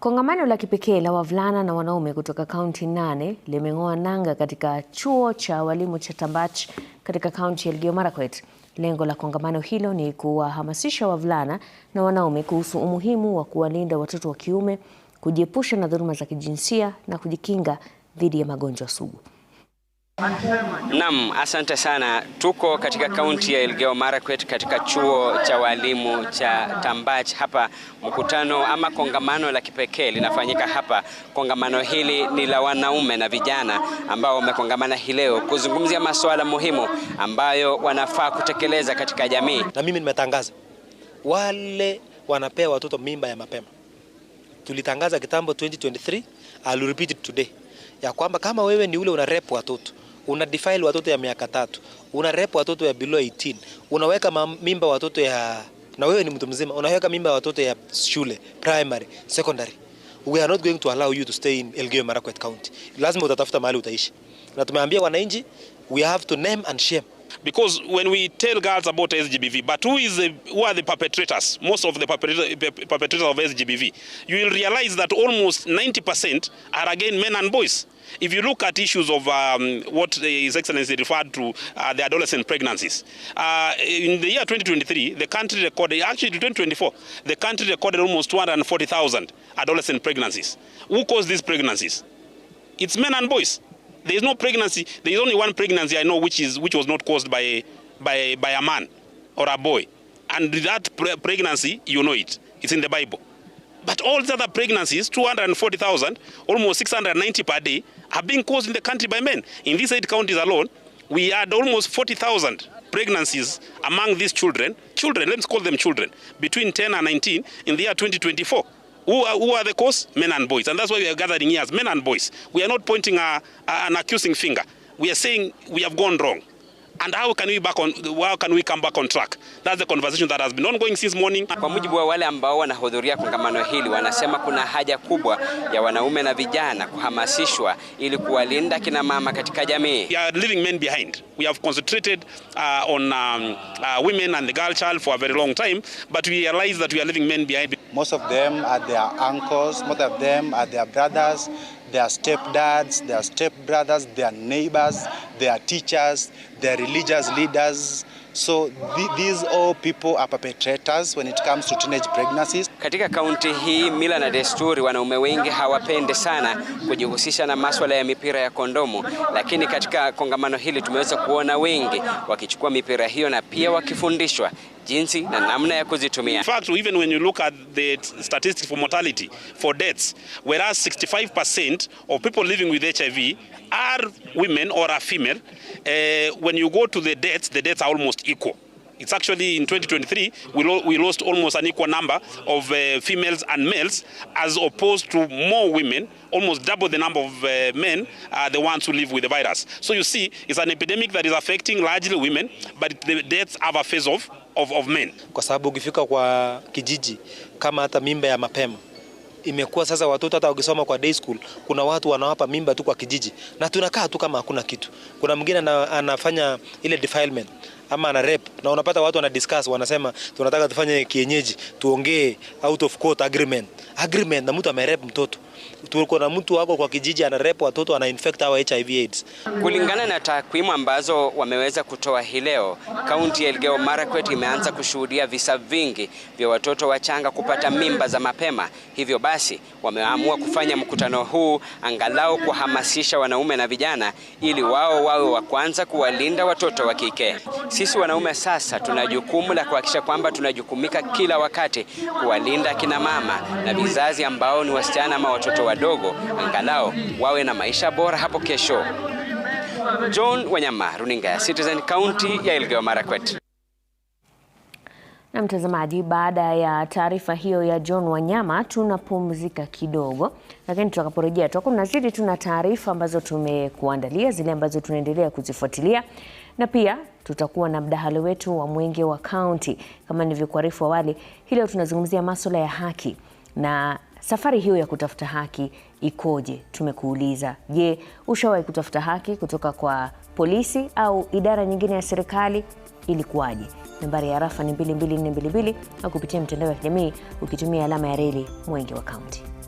Kongamano la kipekee la wavulana na wanaume kutoka kaunti nane limeng'oa nanga katika chuo cha walimu cha Tambach katika kaunti ya Elgeyo Marakwet. Lengo la kongamano hilo ni kuwahamasisha wavulana na wanaume kuhusu umuhimu wa kuwalinda watoto wa kiume, kujiepusha na dhuluma za kijinsia na kujikinga dhidi ya magonjwa sugu. Naam, asante sana. Tuko katika kaunti ya Elgeyo Marakwet katika chuo cha walimu cha Tambach. Hapa mkutano ama kongamano la kipekee linafanyika hapa. Kongamano hili ni la wanaume na vijana ambao wamekongamana hii leo kuzungumzia masuala muhimu ambayo wanafaa kutekeleza katika jamii. Na mimi nimetangaza wale wanapea watoto mimba ya mapema, tulitangaza kitambo 2023, I'll repeat it today, ya kwamba kama wewe ni ule una rep watoto una defile watoto ya miaka tatu, una rep watoto ya below 18, unaweka mimba watoto ya na wewe ni mtu mzima, unaweka mimba watoto ya shule primary, secondary. We are not going to allow you to stay in Elgeyo Marakwet County. Lazima utatafuta mahali utaishi, na tumeambia wananchi we have to name and shame because when we tell girls about SGBV, but who is the, who are the perpetrators? Most of the perpetrators of SGBV, you will realize that almost 90% are again men and boys. If you look at issues of um, what His Excellency referred to uh, the adolescent pregnancies, uh, in the year 2023, the country recorded, actually 2024, the country recorded almost 240,000 adolescent pregnancies. Who caused these pregnancies? It's men and boys. There is no pregnancy. There is only one pregnancy I know which, is, which was not caused by, by, by a man or a boy. And that pre pregnancy, you know it. It's in the Bible. But all the other pregnancies, 240,000, almost 690 per day, are being caused in the country by men. In these eight counties alone, we had almost 40,000 pregnancies among these children. Children, let's call them children, between 10 and 19 in the year 2024. Who are, who are the cause? Men and boys. And that's why we are gathering here as men and boys. We are not pointing a, a, an accusing finger. We are saying we have gone wrong and how can we back on how can we come back on track that's the conversation that has been ongoing since morning. Kwa mujibu wa wale ambao wanahudhuria kongamano hili, wanasema kuna haja kubwa ya wanaume na vijana kuhamasishwa ili kuwalinda kina mama katika jamii. We are leaving men behind. We have concentrated uh, on um, uh, women and the girl child for a very long time, but we realize that we are leaving men behind. Most of them are their uncles, most of them are their brothers their stepdads, their stepbrothers, their neighbors, their teachers, their religious leaders. So th these all people are perpetrators when it comes to teenage pregnancies. Katika kaunti hii mila na desturi, wanaume wengi hawapende sana kujihusisha na masuala ya mipira ya kondomu, lakini katika kongamano hili tumeweza kuona wengi wakichukua mipira hiyo na pia wakifundishwa jinsi na namna ya kuzitumia. In fact, even when you look at the statistics for mortality for deaths, whereas 65% of people living with HIV are women or are female, uh, when you go to the deaths, the deaths are almost equal. It's actually in 2023 we, lo we lost almost an equal number of uh, females and males as opposed to more women, almost double the number of uh, men are uh, the ones who live with the virus. So you see, it's an epidemic that is affecting largely women, but the deaths have a phase of, of, of men. Kwa sababu ukifika kwa kijiji kama hata mimba ya mapema imekuwa sasa watoto hata wakisoma kwa day school, kuna watu wanawapa mimba tu kwa kijiji, na tunakaa tu kama hakuna kitu. Kuna mwingine anafanya ile defilement ama ana rep, na unapata watu wana discuss, wanasema tunataka tufanye kienyeji, tuongee out of court agreement, agreement na mtu amerep mtoto. Tuko na mtu wako kwa kijiji ana rep watoto, ana infect hawa HIV AIDS. Kulingana na takwimu ambazo wameweza kutoa hii leo, kaunti ya Elgeyo Marakwet imeanza kushuhudia visa vingi vya watoto wachanga kupata mimba za mapema. Hivyo basi wameamua kufanya mkutano huu angalau kuhamasisha wanaume na vijana ili wao wawe wa kwanza kuwalinda watoto wa kike sisi wanaume sasa tuna jukumu la kuhakikisha kwamba tunajukumika kila wakati kuwalinda kina mama na vizazi ambao ni wasichana ama watoto wadogo, angalau wawe na maisha bora hapo kesho. John Wanyama, runinga ya Citizen, kaunti ya Elgeyo Marakwet. Na mtazamaji, baada ya taarifa hiyo ya John Wanyama tunapumzika kidogo, lakini tutakaporejea tutakuwa tunazidi, tuna taarifa ambazo tumekuandalia, zile ambazo tunaendelea kuzifuatilia na pia tutakuwa na mdahalo wetu wa Mwenge wa Kaunti. Kama nilivyokuarifu awali, hii leo tunazungumzia masuala ya haki na safari hiyo ya kutafuta haki ikoje? Tumekuuliza, je, ushawahi kutafuta haki kutoka kwa polisi au idara nyingine ya serikali? ilikuwaje. Nambari ya rafa ni 22422 na kupitia mtandao ya kijamii ukitumia alama ya reli mwenge wa kaunti.